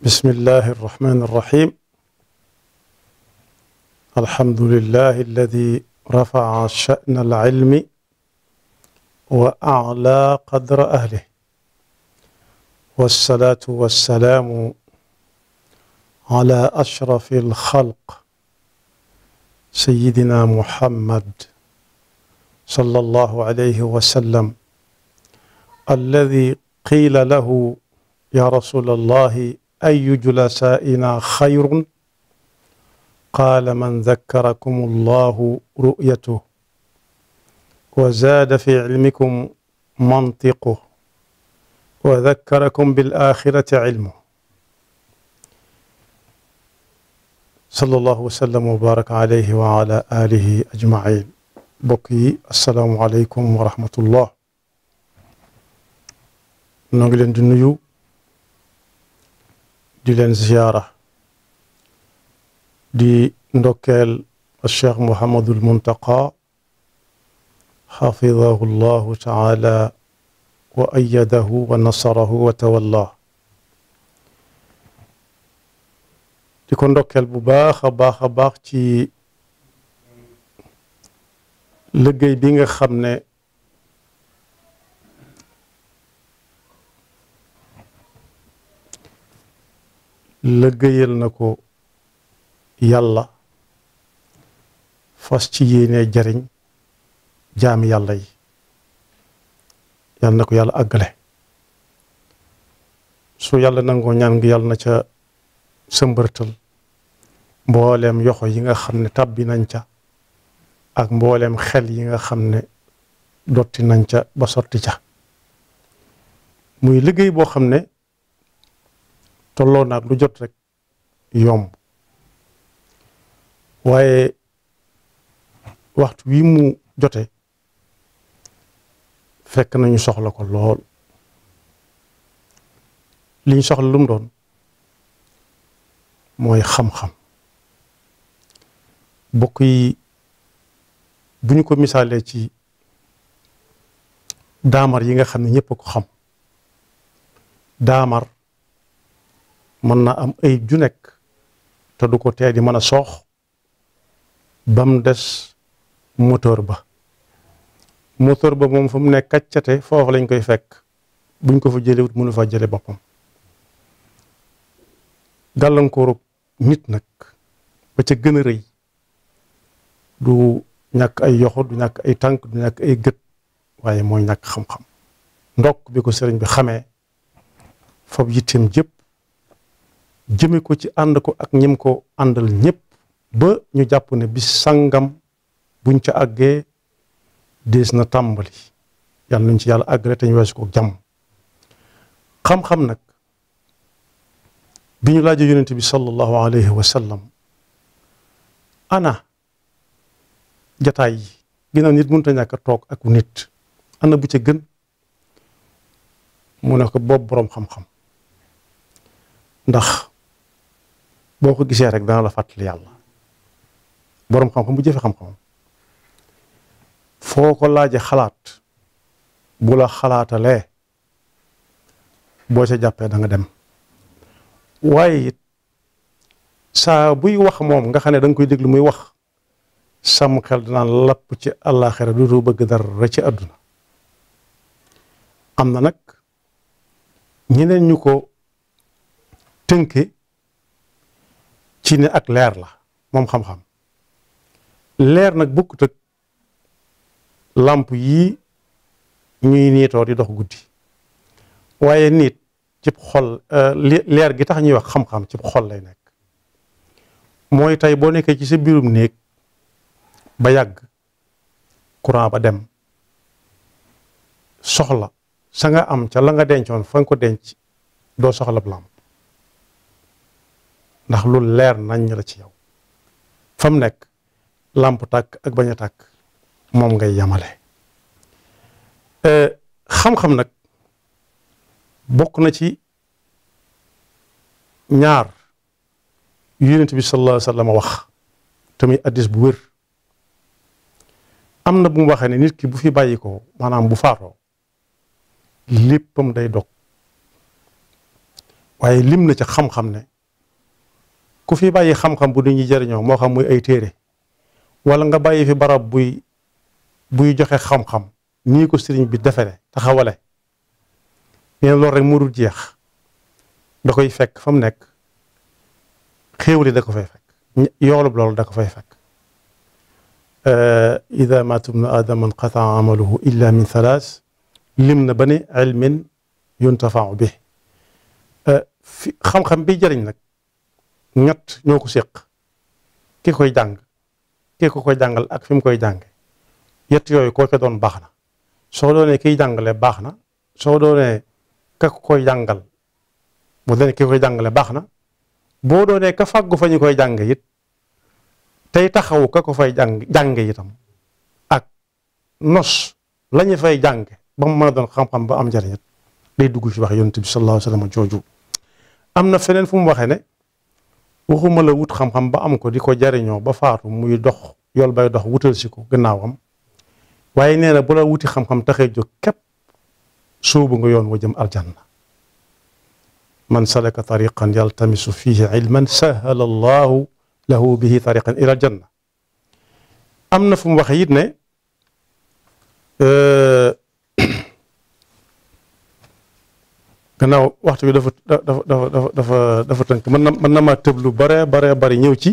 بسم الله الرحمن الرحيم الحمد لله الذي رفع شأن العلم وأعلى قدر أهله والصلاة والسلام على أشرف الخلق سيدنا محمد صلى الله عليه وسلم الذي قيل له يا رسول الله ayu julasaa'inaa xayrun qaala man dakkarakum allahu ru'yatuhu wa zaada fi cilmikum mantiquhu wa dakkarakum bil aaxirati cilmuhu sallallahu wa sallam wa baraka alayhi wa ala alihi ajmain bokk yi asalaamu aleykum wa rahmatullah noo ngi leen di nuyu di ziyaara di ndokkeel Cheikh Muhammadul Muntaqa xafidahu llahu taala wa ayadahu wa nasarahu wa di ko ndokkeel bu baax a baax a baax ci liggéey bi nga xam lëggéeyal na ko yàlla fas ci yéenee jariñ jaami yàlla yi yàlla na ko yàlla àggale su yàlla nangoo ñaan ngi yàlla na ca sëmbërtal mbooleem yoxo yi nga xam ne tàbbi nañ ca ak mbooleem xel yi nga xam ne dotti nañ ca ba sotti ca muy liggéey boo xam ne tolloo naag lu jot rek yomb waaye waxtu wi mu jote fekk nañu soxla ko lool li ñu soxla lum doon mooy xam-xam bokk yi bu ñu ko misaalee ci daamar yi nga xam ne ñëpp ko xam daamar mën na am ay junek nekk te du ko tee di mën a soox bam des motoor ba moteur ba moom fa mu nekk kaccate foofu lañ koy fekk buñ ko fa jëlewut mënu fa jële boppam gàllankooru nit nag ba ca gën a rëy du ñàkk ay yoxo du ñàkk ay tànk du ñàkk ay gët waaye mooy ñàkk xam-xam ndokk bi ko sëriñ bi xamee fab yitteem jëpp jëme ko ci ànd ko ak ñim ko àndal ñëpp ba ñu jàpp ne bis sàngam buñ ca àggee dees na tàmbali yàlla nañ ci yàlla àggale te ñu weesu ko jàmm xam-xam nag bi ñu laajee yonent bi sallallahu alayhi wa sallam ana jataay yi ginnaaw nit mënut a ñàkk a toog ak wu nit ana bu ca gën mu ne ko boobu boroom xam-xam ndax boo ko gisee rek dana la fàttali yàlla boroom xam-xam bu jëfe xam-xam foo ko laaje xalaat bu la xalaatalee boo sa jàppee da nga dem waaye it saa buy wax moom nga xam ne da koy déglu muy wax sam xel dinaan lapp ci àllaaxira duutu bëgg dara ci àdduna am na nag ñeneen ñu ko tënke ci ak leer la moom xam-xam leer nag bokkut ak làmp yii ñuy niitoo di dox guddi waaye niit cib xol euh, leer gi tax ñuy wax xam-xam cib xol lay nekk mooy tey boo nekkee ci sa biirum néeg ba yàgg courant ba dem soxla sa nga am ca la nga dencoon fa nga ko denc doo soxla làmp ndax lu leer nañ la ci yow fam nekk làmp tàkk ak bañ a tàkk moom ngay yamale euh, xam-xam nag bokk na ci ñaar yonent bi sallallahu alayhi wa wax tamit addis bu wér am na bu mu waxee ne nit ki bu fi bàyyi ko maanaam bu faatoo léppam day dog waaye lim na ci xam-xam ne ku fi bàyyi xam-xam bu nit ñi jëriñoo moo xam muy ay téere walla nga bàyyi fi barab buy buy joxe xam-xam nii ko sëriñ bi defere taxawale nee loolu rek mu dul jeex da koy fekk fa mu nekk xéewali da ko fay fekk yoolub loolu da ko fay fekk ida maata ibnu aadama inqataa amaluhu illa min thalaas lim na ba ne ilmin yuntafau bi xam-xam bi jëriñ nag ñett ñoo ko séq ki koy jàng ki ko koy jàngal ak fi mu koy jànge yett yooyu koo ca doon baax na soo doonee kiy jàngale baax na soo doonee ka koy jàngal bu doonee ki jàngale baax na boo doonee ka fàggu fa ñu koy jàng it tey taxawu ka ko fay jàng jànge itam ak nos la fay jànge ba mu mën doon xam-xam ba am njëriñ day dugg ci wax yonent bi sallallahu alayhi wa jooju am na feneen fu mu waxee ne waxuma la wut xam-xam ba am ko di ko jariñoo ba faatu muy dox yool bay dox wutal si ko gannaawam waaye nee na bu la wuti xam-xam taxee jóg képp soobu nga yoon wa jëm aljanna man salaka tariqan yaltamisu fihi ilman sahala allahu lahu bihi tariqan ila aljanna am na fu mu waxe it ne euh, gannaaw waxtu wi dafa dafa dafa dafa tënk mën na mën na maa tëb lu bare bare bari ñëw ci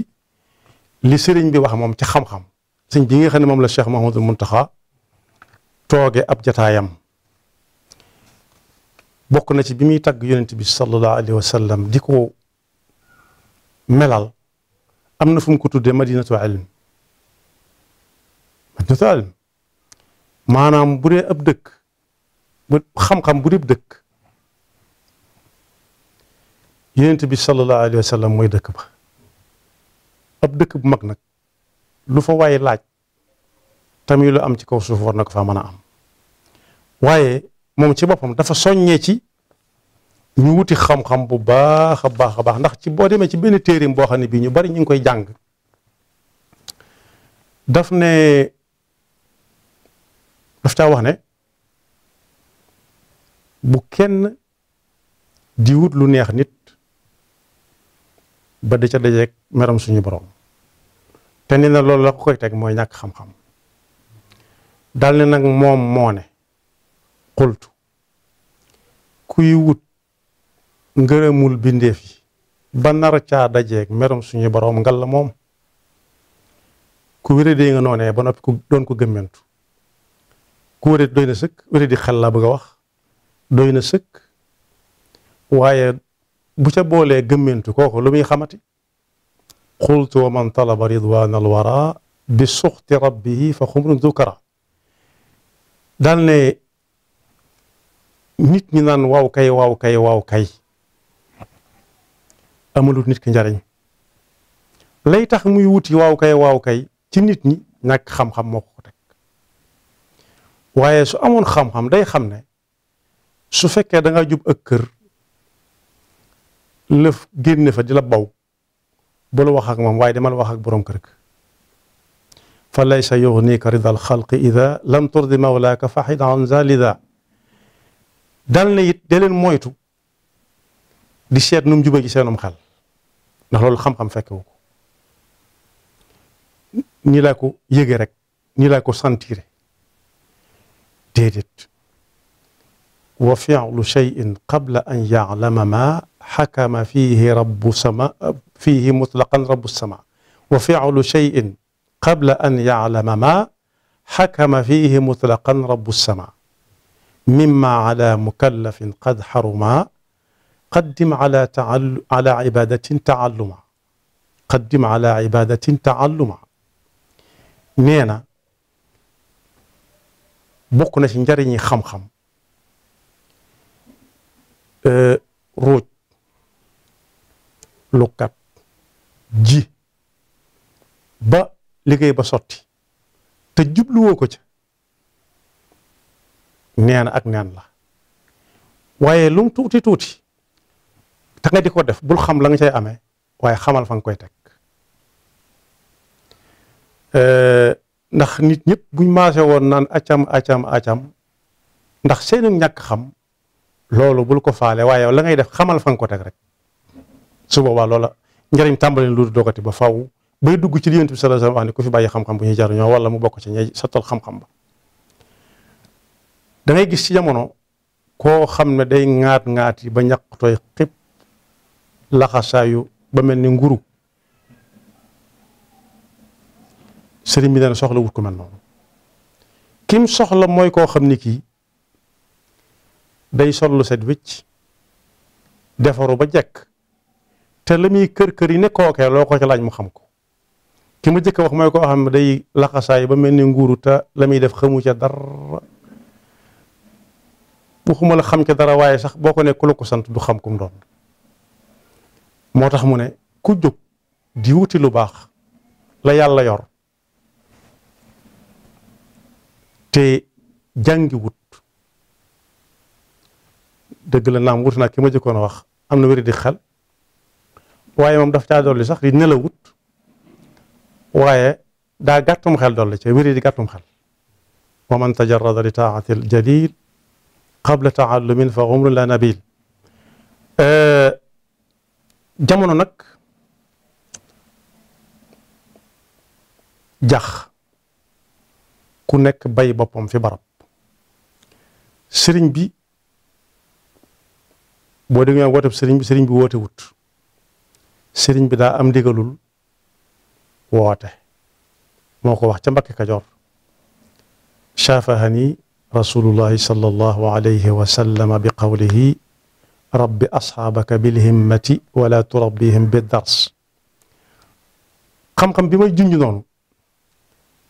li sëriñ bi wax moom ci xam-xam sëñ bi nga xam ne moom la Cheikh mun taxa tooge ab jataayam bokk na ci bi muy tagg yonent bi sallallahu alayhi wa sallam di ko melal am na fum mu ko tuddee madinatu ilm madinatu ilm maanaam bu ab dëkk bu xam-xam bu ab dëkk yonent bi sallallahu alayhi wa sallam mooy dëkk ba ab dëkk bu mag nag lu fa waaye laaj tamit lu am ci kaw suuf war na faa mën a am waaye moom ci boppam dafa soññee ci ñu wuti xam-xam bu baax a baax a baax ndax ci boo demee ci benn téerim boo xam ne bii ñu bari ñu ngi koy jàng daf ne daf caa wax ne bu kenn di wut lu neex nit ba di ca dajeeg meram suñu borom te ni na loolu la ko koy teg mooy ñàkk xam-xam dal ne nag moom moone ne xultu kuy wut ngërëmul bindeef yi ba nar caa dajeeg meram suñu borom ngal la moom ku wéré dee nga noonee ba noppi doon ko gëmmentu ku wéré doy na sëkk wéré di xel laa bëgg wax doy na sëkk waaye bu ca boolee gëmmentu kooku lu muy xamati xultu wa man talaba ridwan alwara bi suxti rabbihi fa xumrun dukara dal nit ñi naan waaw kay wawkay kay waaw nit ki njariñ lay tax muy wuti waaw wawkay waaw kay ci nit ñi ñàkk xam-xam moo ko teg waaye su amoon xam-xam day xam ne su fekkee da nga jub ak kër lëf génne fa di la baw bu la wax ak moom waaye demal wax ak borom kër fa laysa yugniika ridal xalqi ida lam turdi mawlaaka faxid an zalida dal na it de moytu di seet num juba gi seenum xel ndax loolu xam-xam fekkewu ko ñi laa ko rek ñi laa ko sentire déedéet wa fi'lu shay'in qabla an ya'lama xakama fiihi rabbu sama fiihi mutlaqan rabbu sama wa fi'lu shay'in qabla an ya'lama ma xakama fiihi mutlaqan rabbu sama mimma ala mukallafin qad xaruma qaddim ala taallu ala ibadatin taalluma qaddim ala ibadatin taalluma nee na bokk na ci njariñi xam-xam ruuj lukkat ji ba liggéey ba sotti te jubluwoo ko ca neen ak neen la waaye lum tuuti tuuti te nga di ko def bul xam la nga cay amee waaye xamal fa nga koy teg euh, ndax nit ñëpp buñ maase woon naan acam acam acam ndax seen ñàkk xam loolu bul ko faale waaye la ngay def xamal fa nga ko teg rek su boobaa loola njëriñ tàmbali na lu dogati ba faw bay dugg ci li Yonent bi sallallahu alayhi wax ne ku fi bàyyi xam-xam bu ñuy jariñoo wala mu bokk ci ñay sottal xam-xam ba da gis ci jamono koo xam ne day ŋaat ŋaat ba ñaq tooy xib laxasaayu ba mel ni nguru sëriñ bi dana soxla wut ku mel noonu kim soxla mooy koo xam ni kii day sollu set wicc defaru ba jekk te la muy kër kër yi ne kookee loo ko ci laaj mu xam ko ki ma jëkk wax mooy koo xam ne day laxasaay ba mel ni nguuru te la muy def xamu ca dara waxuma la xam ca dara waaye sax boo ko ne ku la ko sant du xam kum doon moo tax mu ne ku jóg di wuti lu baax la yàlla yor te jàngiwut dëgg la naam wut naa ki ma jëkkoon a wax am na wéri di xel waaye moom daf caa dolli sax di nelawut waaye daa gàttum xel dolli ca wéri di gàttum xel wa man tajarada li taaati l jalil qabla fa umru la nabil jamono nag jax ku nekk bay boppam fi barab sëriñ bi boo déggee wooteb sëriñ bi sëriñ bi woote wut sëriñ bi daa am ndigalul woote moo ko wax ca Mbàkke Kajoor shaafahani rasulullahi sallallahu alayhi wa bi qawlihi rabbi asxaabaka bilhimmati wala turabbihim bi dars xam-xam bi may junj noonu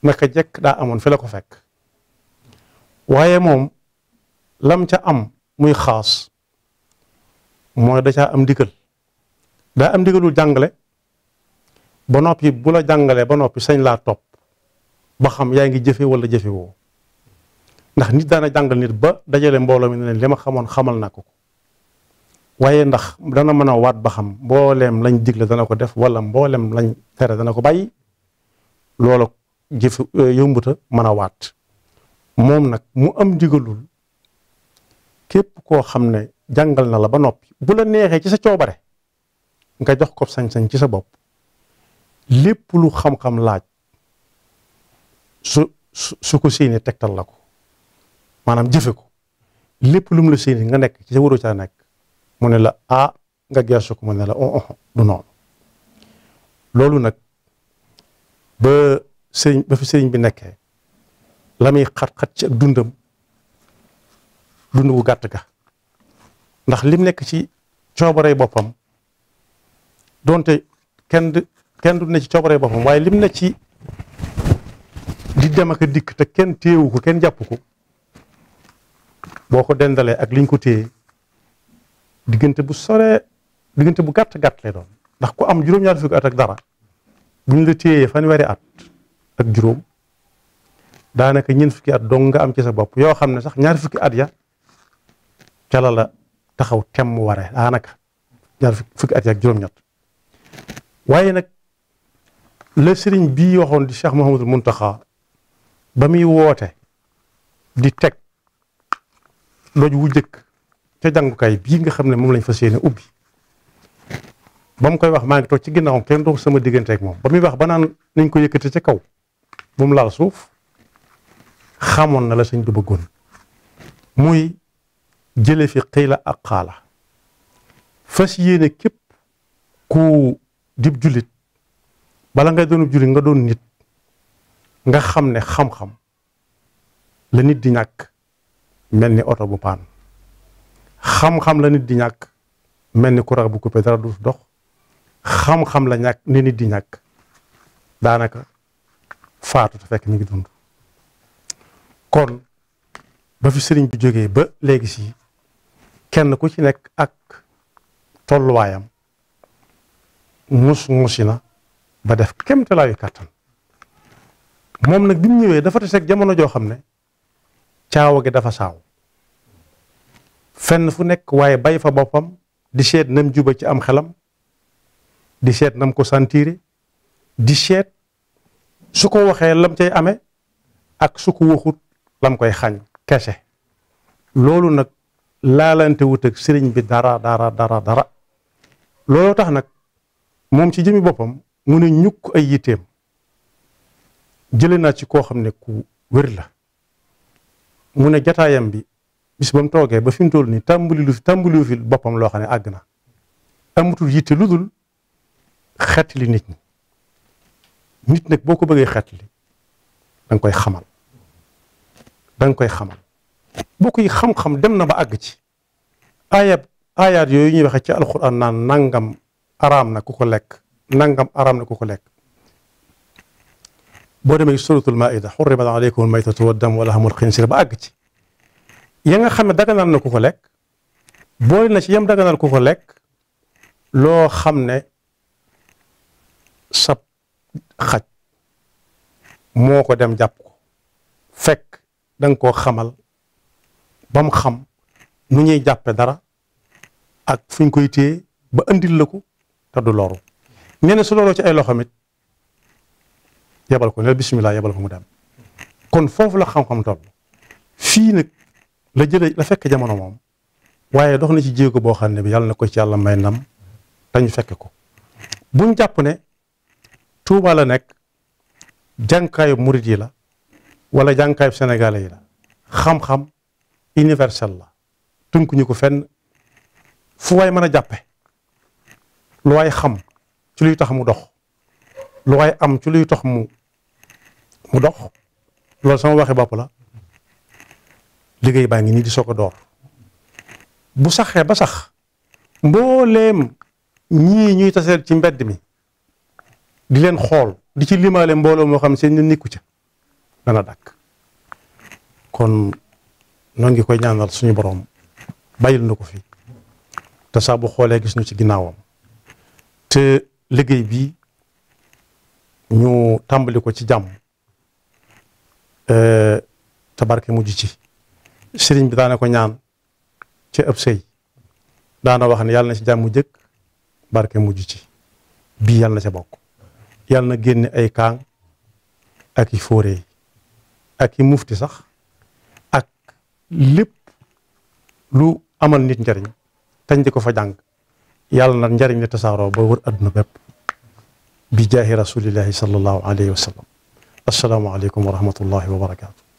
naka jekk daa amoon fi ko fekk waaye moom lam ca am muy xaas mooy da caa am ndigal daa am ndigalul jàngale ba noppi bu la jàngalee ba noppi sañ laa topp ba xam yaa ngi jëfe wala jëfe woo ndax nit daana jàngal nit ba dajale mbooloo mi ne leen li ma xamoon xamal na ko ko waaye ndax dana mën a waat ba xam mbooleem lañ digle dana ko def wala mbooleem lañ tere dana ko bàyyi loola jëf eh, yombuta mën a waat moom nag mu am digalul képp koo xam ne jàngal na la ba noppi bu la neexee ci sa coow bare nga jox ko sañ-sañ ci sa bopp lépp lu xam-xam laaj su su ko séenee tegtal la ko maanaam jëfe ko lépp lu mu la séenee nga nekk ci sa waroo caa nekk mu ne la a ah, nga geesu ko mu ne la o oh, oh, du noonu loolu nag ba sëriñ ba fi sëriñ bi nekkee la muy xat-xat ci ak dundam dund gu gàtt ga ndax lim nekk ci coobarey boppam donte kenn du kenn du ne ci coobaree boppam waaye lim ne ci di dem ak dikk te kenn téewu ko kenn jàpp ko boo ko dendalee ak liñ ko téye diggante bu sore diggante bu gàtt gàtt lay doon ndax ku am juróom-ñaari fukki at ak dara la téyee fanweeri at ak juróom daanaka ñeent fukki at nga am ci sa bopp yoo xam ne sax ñaar fukki at ya ca la la taxaw temm ware daanaka ñaari fukki at ya ak juróom-ñett waaye nag la sëriñ bii waxoon di Cheikh mun Mountakha ba muy woote di teg doj wu jëkk ca jàngukaay bii nga xam ne moom lañ fas yéene ubbi ba mu koy wax maa ngi toog ci ginnaawam kenn dox sama diggante moom ba muy wax ba naan nañ ko yëkkate ci kaw bu mu laal suuf xamoon na la sëñ du bëggoon muy jële fi xiila ak xaala fas yéene képp ku di jullit bala ngay doonub jullit nga doon nit nga xam ne xam-xam la nit di ñàkk mel ni oto bu paan xam-xam la nit di ñàkk mel ni courant bu coupé dara du dox xam-xam la ñàkk ni nit di ñàkk daanaka faatu te fekk mi ngi dund kon ba fi sëriñ bi jógee ba léegi si kenn ku ci nekk ak tolluwaayam ŋus ŋusi na ba def kéemtalaayu kàttan moom nag bi ñëwee dafa tase ak jamono joo xam ne caawa gi dafa saaw fenn fu nekk waaye bay fa boppam di seet nam juba ci am xelam di seet nam ko santiire di seet su ko waxee lam cay amee ak su ko waxut lam koy xañ kese loolu nag laalante wut sëriñ bi dara dara dara dara looloo tax nag moom ci jëmi boppam mu ne ñukk ay yitteem jële naa ci koo xam ne ku wér la mu ne jataayam bi bis ba mu toogee ba fi mu toll nii tàmbali lu tàmbaliwu fi boppam loo xam ne àgg na amatul yitte lu dul xettali nit ñi nit nag boo ko bëggee xettali danga koy xamal danga koy xamal boo koy xam-xam dem na ba àgg ci aaya aayaat yooyu ñuy waxe ci alxuraan naan nangam araam na ku ko lekk nangam araam na ku ko lekk boo demee suratul maida xurrimat aleykum almaytatu waddam wala hamul xinsir ba àgg ci ya nga xam ne daganal na ku ko lekk boole na ci yam daganal ku ko lekk loo xam ne sab xaj moo ko dem jàpp ko fekk danga koo xamal ba mu xam nu ñuy jàppe dara ak fuñ koy téye ba andil la ko te du loru nee su looloo ci ay loxoom it yebal ko ne bisimilah yebal ko mu dem kon foofu la xam-xam toll fii nag la jëlee la fekk jamono moom waaye dox na ci jéego boo xam ne bi yàlla na ko ci yàlla may ndam dañu fekk ko buñ jàpp ne Tuuba la nekk jànkaayu murit yi la walla jànkaayu sénégalais yi la xam-xam universel la tënkuñu ko fenn fu waay mën a jàppe lu waay xam ci luy tax mu dox lu waay am ci luy tax mu mu dox loolu sama waxe bopp la liggéey baa ngi nii di soog a door bu saxee ba sax mbooleem ñii ñuy taseel ci mbedd mi di leen xool di ci limaale mbooloo moo xam seen ñu nikku ca dana dàkk kon noon ngi koy ñaanal suñu boroom bàyyil na ko fi te saa bu xoolee gis ñu ci ginnaawam te liggéey bi ñu tàmbali ko ci jàmm euh, tabarke mujj ci sëriñ bi daane ko ñaan ci ëpp sëy daana wax ne yàlla na ci jàmm jëkk barke mujj ci bii yàlla na ca bokk yàlla na génne ay kaang ak i fóore ak i mufti sax ak lépp lu amal nit njariñ tañ di ko fa jàng yàlla na njariñ li tasaaroo ba wër adduna bépp bi jaahi rasulillahi sallallahu alayhi wa sallam assalaamu aleykum wa rahmatullahi wa barakaatu